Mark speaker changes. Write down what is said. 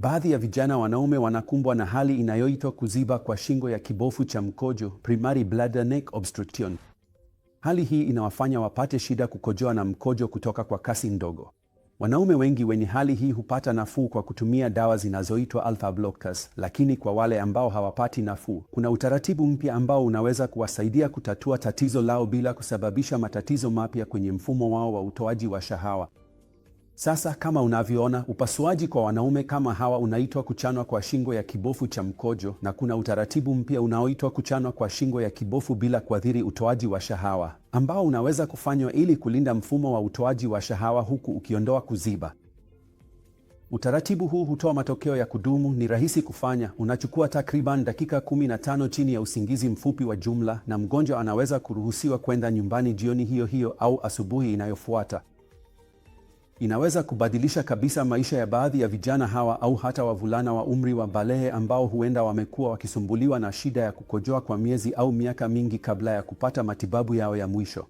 Speaker 1: Baadhi ya vijana wanaume wanakumbwa na hali inayoitwa kuziba kwa shingo ya kibofu cha mkojo, primary bladder neck obstruction. Hali hii inawafanya wapate shida kukojoa na mkojo kutoka kwa kasi ndogo. Wanaume wengi wenye hali hii hupata nafuu kwa kutumia dawa zinazoitwa alpha blockers, lakini kwa wale ambao hawapati nafuu, kuna utaratibu mpya ambao unaweza kuwasaidia kutatua tatizo lao bila kusababisha matatizo mapya kwenye mfumo wao wa utoaji wa shahawa. Sasa kama unavyoona, upasuaji kwa wanaume kama hawa unaitwa kuchanwa kwa shingo ya kibofu cha mkojo, na kuna utaratibu mpya unaoitwa kuchanwa kwa shingo ya kibofu bila kuathiri utoaji wa shahawa, ambao unaweza kufanywa ili kulinda mfumo wa utoaji wa shahawa huku ukiondoa kuziba. Utaratibu huu hutoa matokeo ya kudumu, ni rahisi kufanya, unachukua takriban dakika 15 chini ya usingizi mfupi wa jumla, na mgonjwa anaweza kuruhusiwa kwenda nyumbani jioni hiyo hiyo au asubuhi inayofuata inaweza kubadilisha kabisa maisha ya baadhi ya vijana hawa au hata wavulana wa umri wa balehe ambao huenda wamekuwa wakisumbuliwa na shida ya kukojoa kwa miezi au miaka mingi kabla ya kupata matibabu yao ya mwisho.